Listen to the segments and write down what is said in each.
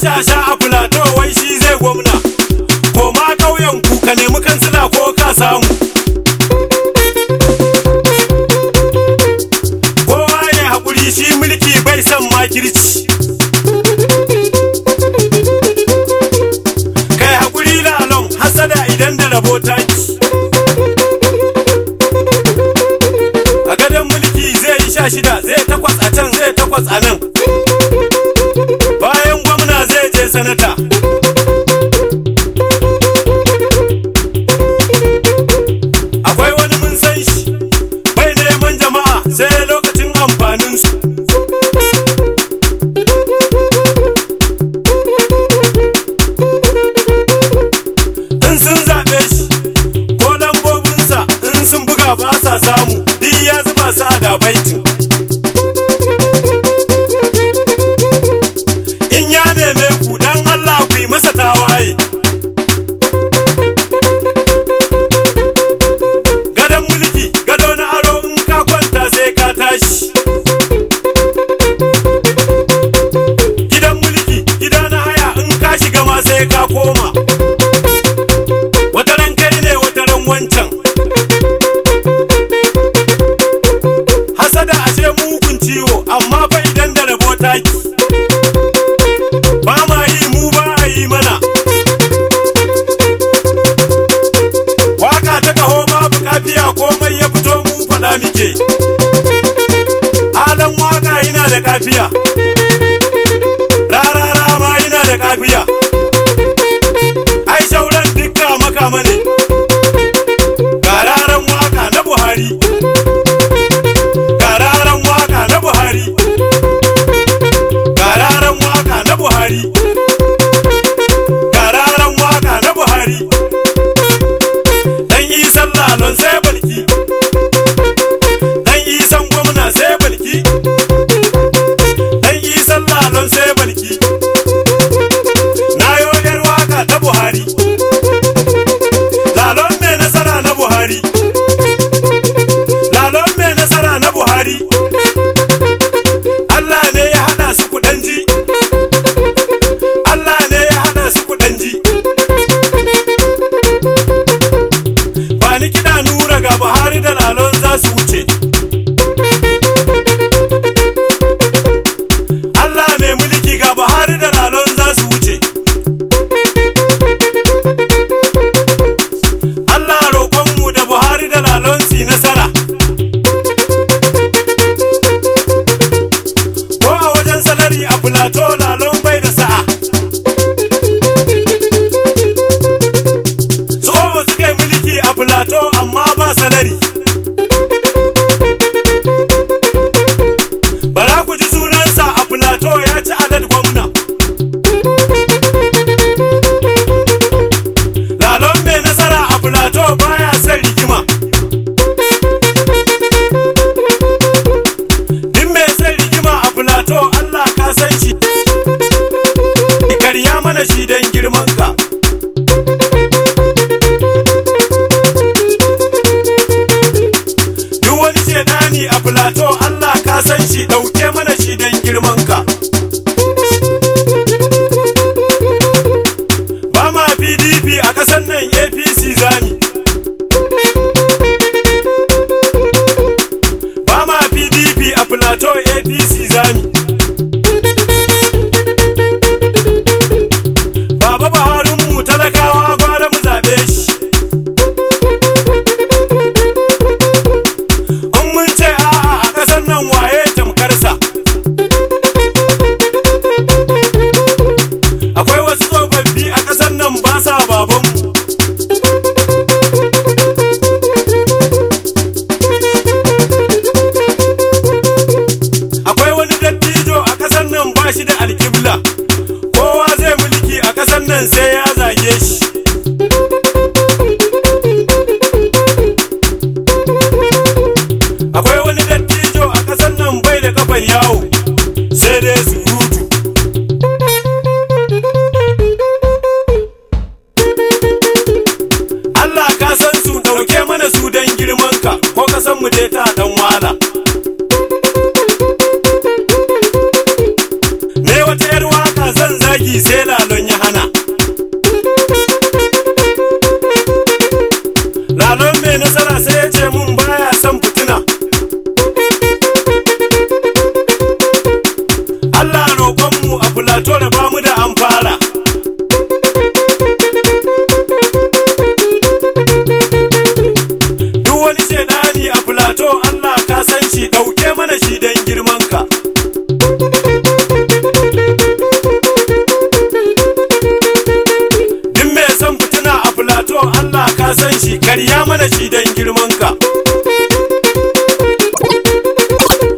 shasha a fulato wai shi zai gwamna ko ma ƙauyen ku ka nemi kansila ko ka samu kowa ya haƙuri shi mulki bai son makirci kai haƙuri lalon hasada idan da rabo a gadon mulki zai yi sha shida zai takwas a can zai takwas a nan sanata akwai wani mun san shi bai neman jama'a sai ya lokacin amfanin su. in sun zaɓe shi ko lambobinsa in sun buga ba sa samu duk ya zuba su a gabaitin lafiya rarara ma ina da kafiya Sani nura ga Buhari da mu je ta dan wala me wata yar waka zan zagi sai lalon ya hana lalon mai nasara sai ya ce mun baya son fitina Allah roƙon mu a fulato da bamu da an fara mana shi don girman Din mai son fitina a filato Allah ka san shi karya mana shi don girman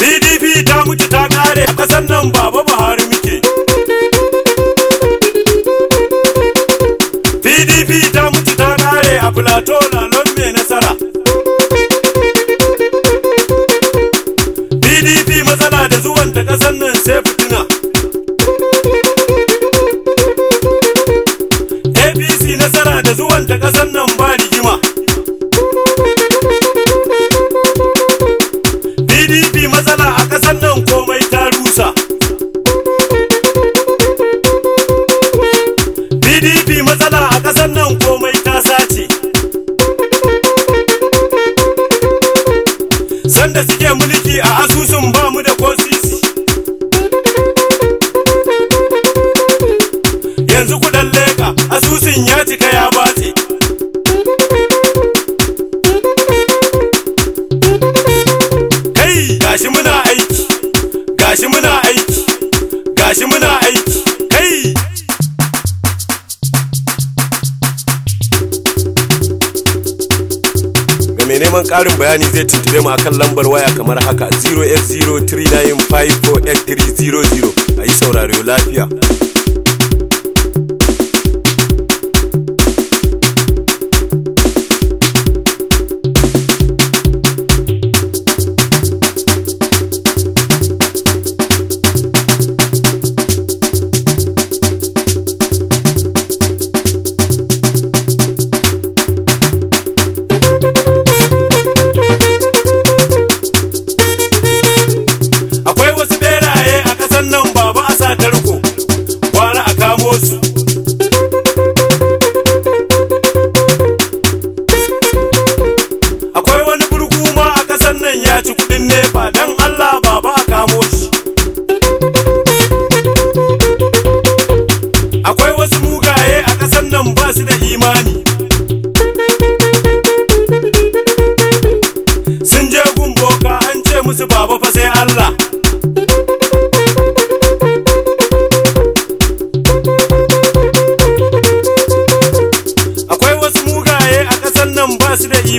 PDP ta mutu ta kare a ƙasar nan baba Buhari muke. PDP ta mutu ta kare a filato gashi muna aiki gashi muna aiki gashi muna aiki kai ga mai neman ƙarin bayani zai tuntube mu akan lambar waya kamar haka 08039548300 a yi sauraro lafiya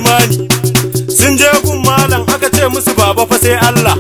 imani sun je gun malam aka ce musu baba fa sai Allah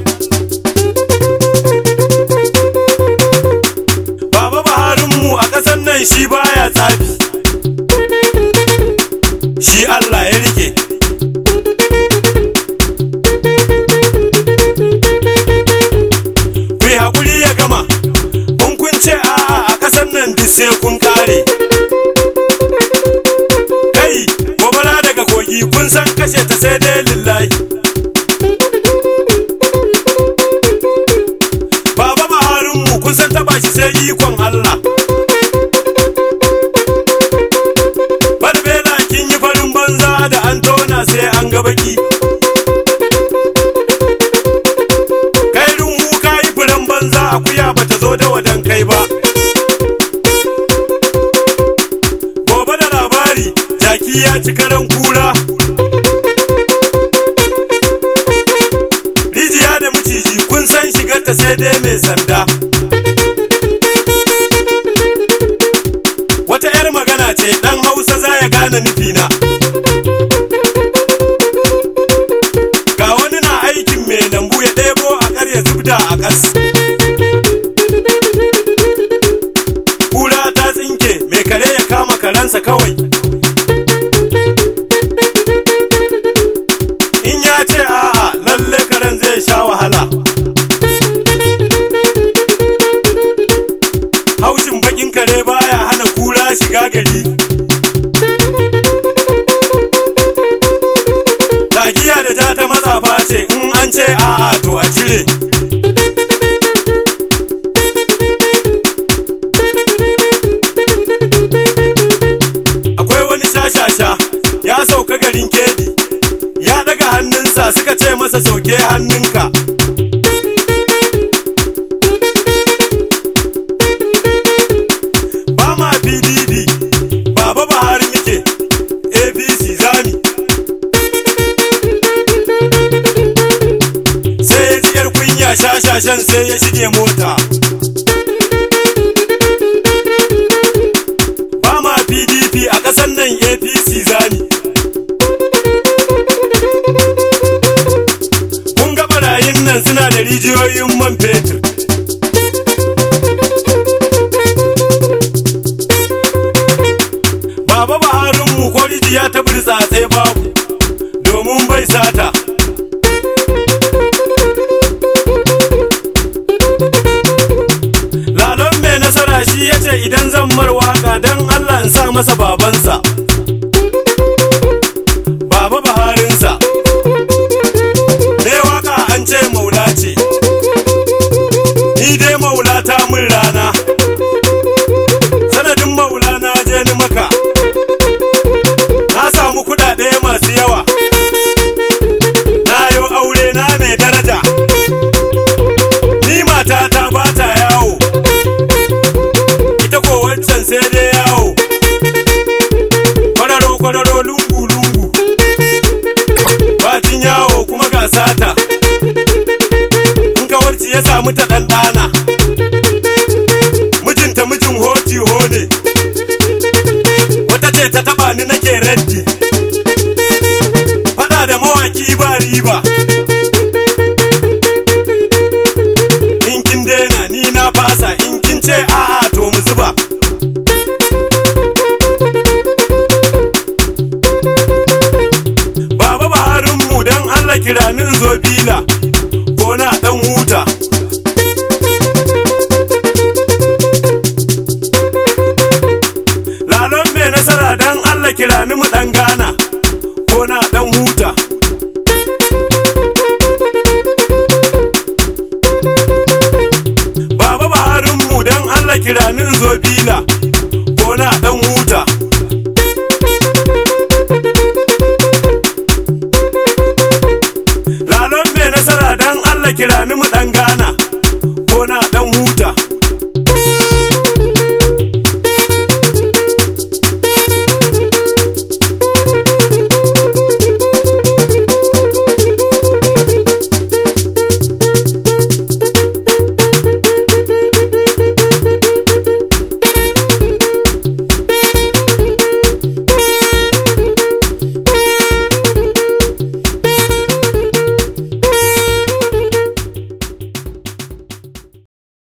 sai baba maharin mu kun san taba shi sai ikon Allah barbela kin yi farin banza da an tona sai an ga baki kai runhu kai furen banza akuya bata zo da ba. Gobe da labari, jaki ya ci karan ta sai dai mai sanda wata 'yar magana ce ɗan hausa za ya gane nufi tagiya da ja ta matsafa ce in an ce a'a to a cire akwai wani shashasha ya sauka garin kedi ya daga hannunsa suka ce masa sauke hannunka yana sai ya shige mota ba ma pdp a ƙasar nan apc zani kun ga barayin nan suna da rijiyoyin ce idan zan mar ga dan Allah in sa masa babansa inkin kin daina ni na fasa in kin ce a'a to mu zuba baba baharin mu dan Allah kiranin zo bila